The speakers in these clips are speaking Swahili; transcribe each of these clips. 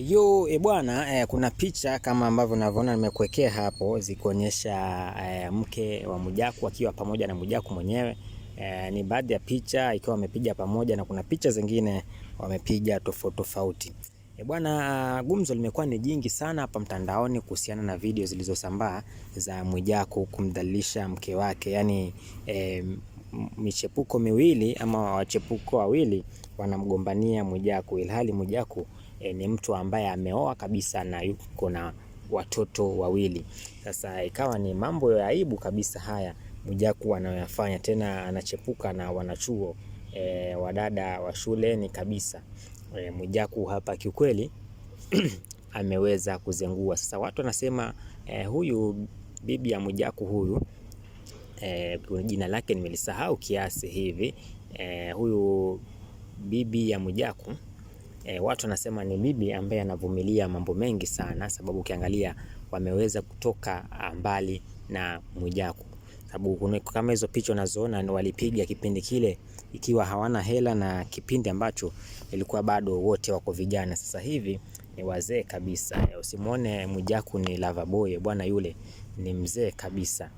Yo e bwana e, kuna picha kama ambavyo unavyoona nimekuwekea hapo zikuonyesha e, eh, mke wa Mwijaku akiwa pamoja na Mwijaku mwenyewe e, ni baadhi ya picha ikiwa wamepiga pamoja na kuna picha zingine wamepiga tofauti tofauti. E bwana, ah, gumzo limekuwa ni jingi sana hapa mtandaoni kuhusiana na video zilizosambaa za Mwijaku kumdhalilisha mke wake, yaani e, michepuko miwili ama wachepuko wawili wanamgombania Mwijaku ilhali Mwijaku e, ni mtu ambaye ameoa kabisa na yuko na watoto wawili. Sasa ikawa ni mambo ya aibu kabisa haya Mwijaku anayoyafanya, tena anachepuka na wanachuo e, eh, wadada wa shuleni kabisa. E, eh, Mwijaku hapa kiukweli ameweza kuzengua. Sasa watu wanasema e, huyu bibi ya Mwijaku huyu e, jina lake nimelisahau kiasi hivi e, huyu bibi ya Mwijaku E, watu wanasema ni bibi ambaye anavumilia mambo mengi sana, sababu ukiangalia wameweza kutoka ah, mbali na Mwijaku, sababu kama hizo picha unazoona walipiga kipindi kile ikiwa hawana hela na kipindi ambacho ilikuwa bado wote wako vijana. Sasa hivi ni wazee kabisa. Eh, Usimwone Mwijaku ni lava boy bwana, yule ni mzee kabisa,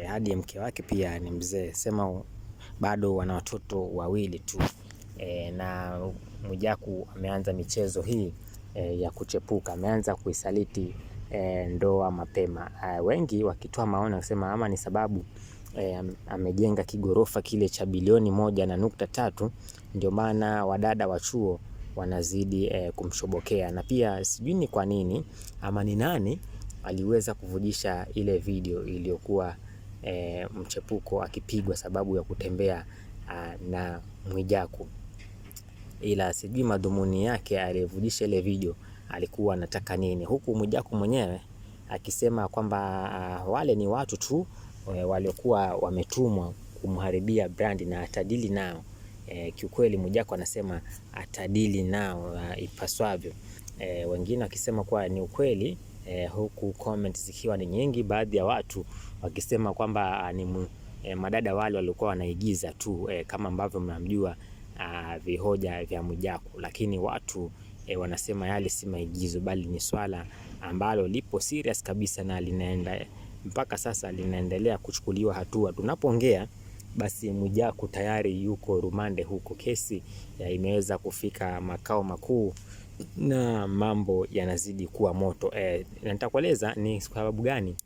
eh, hadi mke wake pia ni mzee, sema bado wana watoto wawili tu e, na Mwijaku ameanza michezo hii e, ya kuchepuka, ameanza kuisaliti e, ndoa mapema. E, wengi wakitoa maoni wakisema ama ni sababu e, amejenga kigorofa kile cha bilioni moja na nukta tatu ndio maana wadada wa chuo wanazidi e, kumshobokea na pia sijui ni kwa nini ama ni nani aliweza kuvujisha ile video iliyokuwa e, mchepuko akipigwa sababu ya kutembea a, ah, na Mwijaku ila sijui madhumuni yake aliyevujisha ile video alikuwa anataka nini, huku Mwijaku mwenyewe akisema kwamba ah, wale ni watu tu eh, waliokuwa wametumwa kumharibia brand na atadili nao. E, kiukweli Mwijaku anasema atadili nao ah, ipaswavyo. E, wengine wakisema kuwa ni ukweli e, huku comment zikiwa ni nyingi, baadhi ya watu wakisema kwamba ah, ni e, madada wale waliokuwa wanaigiza tu e, kama ambavyo mnamjua uh, vihoja vya Mwijaku, lakini watu E, wanasema yale si maigizo bali ni swala ambalo lipo serious kabisa na linaenda mpaka sasa linaendelea kuchukuliwa hatua. Tunapoongea basi Mwijaku tayari yuko rumande huko, kesi imeweza kufika makao makuu na mambo yanazidi kuwa moto e, nitakueleza ni kwa sababu gani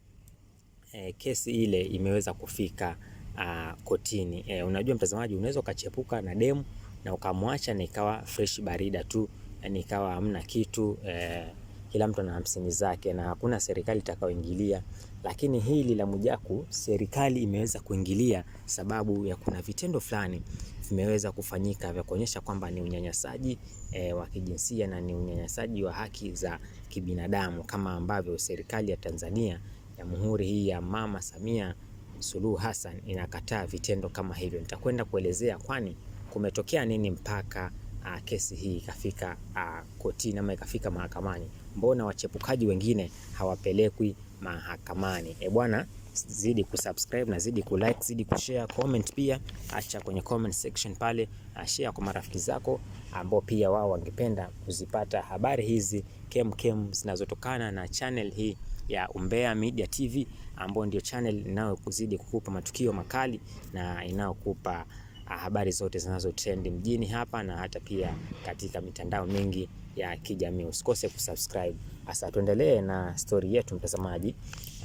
e, kesi ile imeweza kufika uh, kotini. E, unajua mtazamaji, unaweza ukachepuka na demu na ukamwacha na ikawa fresh barida tu, yani eh, ikawa hamna kitu e, kila mtu ana hamsini zake na hakuna serikali itakayoingilia. Lakini hili la Mwijaku serikali imeweza kuingilia, sababu ya kuna vitendo fulani vimeweza kufanyika vya kuonyesha kwamba ni unyanyasaji e, wa kijinsia na ni unyanyasaji wa haki za kibinadamu, kama ambavyo serikali ya Tanzania, ya muhuri hii ya Mama Samia Suluhu Hassan inakataa vitendo kama hivyo. Nitakwenda kuelezea kwani kumetokea nini mpaka a, ah, kesi hii ikafika ah, kotini ama ikafika mahakamani. Mbona wachepukaji wengine hawapelekwi mahakamani? E bwana zidi kusubscribe na zidi kulike, zidi kushare comment. Pia acha kwenye comment section pale, ah, share kwa marafiki zako ambao pia wao wangependa kuzipata habari hizi kem zinazotokana na channel hii ya Umbea Media TV ambayo ndio channel inayokuzidi kukupa matukio makali na inayokupa ah, habari zote zinazotrend mjini hapa na hata pia katika mitandao mingi ya kijamii. Usikose kusubscribe. Asa, tuendelee na story yetu mtazamaji,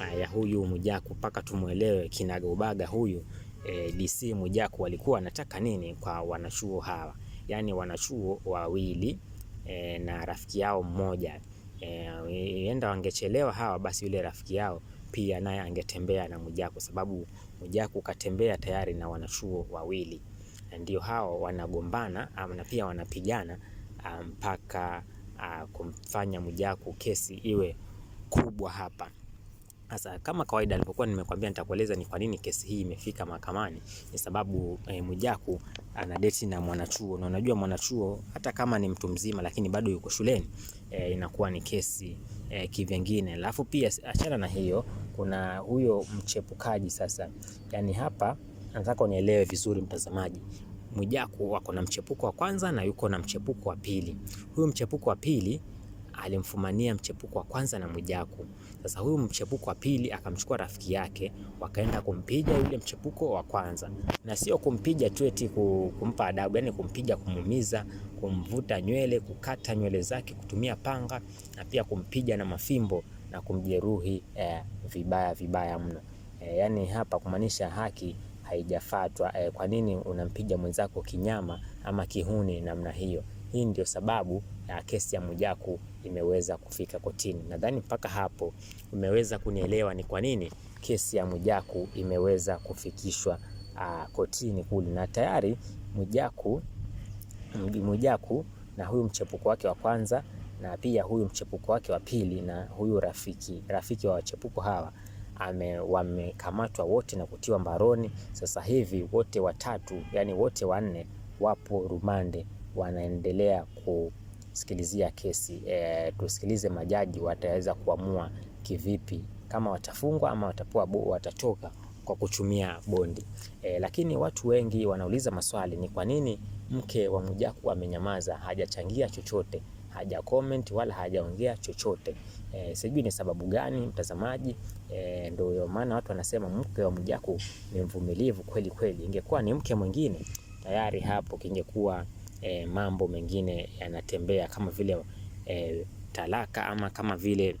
eh, ya huyu Mwijaku mpaka tumwelewe kinaga ubaga huyu e, eh, DC Mwijaku alikuwa anataka nini kwa wanachuo hawa, yaani wanachuo wawili e, na rafiki yao mmoja e, enda wangechelewa hawa, basi yule rafiki yao pia naye angetembea na Mwijaku, sababu Mwijaku katembea tayari na wanachuo wawili, ndio hao wanagombana ama na pia wanapigana. Ah, mpaka ah, kumfanya Mwijaku kesi iwe kubwa hapa. Sasa kama kawaida, alipokuwa nimekwambia nitakueleza ni kwa nini kesi hii imefika mahakamani, ni sababu eh, Mwijaku ana deti na mwanachuo, na unajua mwanachuo hata kama ni mtu mzima, lakini bado yuko shuleni eh, inakuwa ni kesi eh, kivengine. Alafu pia achana na hiyo, kuna huyo mchepukaji sasa. Yani hapa nataka unielewe vizuri mtazamaji, Mwijaku wako na mchepuko wa kwanza na yuko na mchepuko wa pili. Huyu mchepuko wa pili alimfumania mchepuko wa kwanza na Mwijaku. Sasa huyu mchepuko wa pili akamchukua rafiki yake, wakaenda kumpiga yule mchepuko wa kwanza, na sio kumpiga tu eti kumpa adabu, yani kumpiga, kumumiza, kumvuta nywele, kukata nywele zake kutumia panga, na pia kumpiga na mafimbo na kumjeruhi eh, vibaya vibaya mno eh, yani hapa kumaanisha haki haijafatwa eh, kwa nini unampiga mwenzako kinyama ama kihuni namna hiyo? Hii ndio sababu ya eh, kesi ya Mwijaku imeweza kufika kotini. Nadhani mpaka hapo umeweza kunielewa ni kwa nini kesi ya Mwijaku imeweza kufikishwa uh, kotini kule, na tayari Mwijaku Mwijaku na huyu mchepuko wake wa kwanza na pia huyu mchepuko wake wa pili na huyu rafiki rafiki wa wachepuko hawa wamekamatwa wote na kutiwa mbaroni. Sasa hivi wote watatu, yani wote wanne wapo rumande, wanaendelea kusikilizia kesi e, tusikilize majaji wataweza kuamua kivipi kama watafungwa ama watapoa watatoka kwa kuchumia bondi e, lakini watu wengi wanauliza maswali, ni kwa nini mke wa Mwijaku amenyamaza, hajachangia chochote? haja comment wala hajaongea chochote. E, sijui ni sababu gani mtazamaji. E, ndio maana watu wanasema mke wa Mwijaku ni mvumilivu kweli kweli. Ingekuwa ni mke mwingine tayari hapo kingekuwa e, mambo mengine yanatembea kama vile e, talaka ama kama vile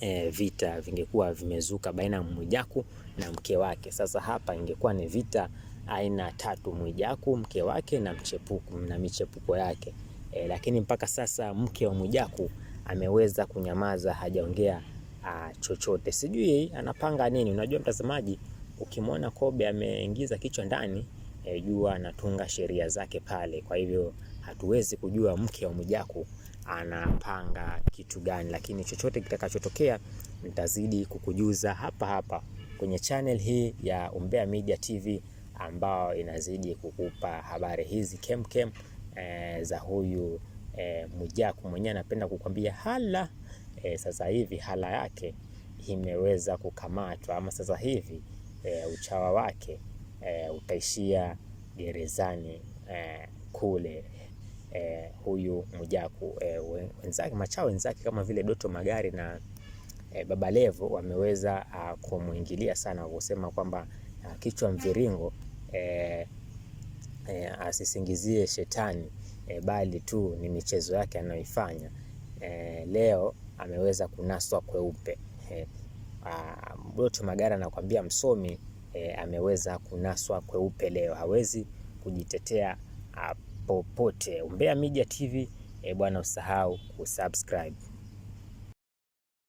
e, vita vingekuwa vimezuka baina ya Mwijaku na mke wake. Sasa hapa ingekuwa ni vita aina tatu: Mwijaku, mke wake na mchepuko na michepuko yake e, lakini mpaka sasa mke wa Mwijaku ameweza kunyamaza, hajaongea ah, chochote. Sijui anapanga nini. Unajua mtazamaji, ukimwona Kobe ameingiza kichwa ndani e, eh, jua anatunga sheria zake pale. Kwa hivyo hatuwezi kujua mke wa Mwijaku anapanga kitu gani, lakini chochote kitakachotokea nitazidi kukujuza hapa hapa kwenye channel hii ya Umbea Media TV ambayo inazidi kukupa habari hizi kemkem kem e, za huyu e, Mwijaku mwenyewe anapenda kukwambia hala e, sasa hivi hala yake imeweza kukamatwa ama sasa hivi e, uchawa wake e, utaishia gerezani e, kule e, huyu Mwijaku e, wenzake machawa wenzake kama vile Doto Magari na e, Baba Levo wameweza ah, kumwingilia sana kusema kwamba ah, kichwa mviringo e, eh, asisingizie shetani eh, bali tu ni michezo yake anayoifanya. eh, leo ameweza kunaswa kweupe. eh, Doto ah, Magara anakuambia msomi eh, ameweza kunaswa kweupe leo, hawezi kujitetea ah, popote. Umbea Media TV eh, bwana usahau kusubscribe.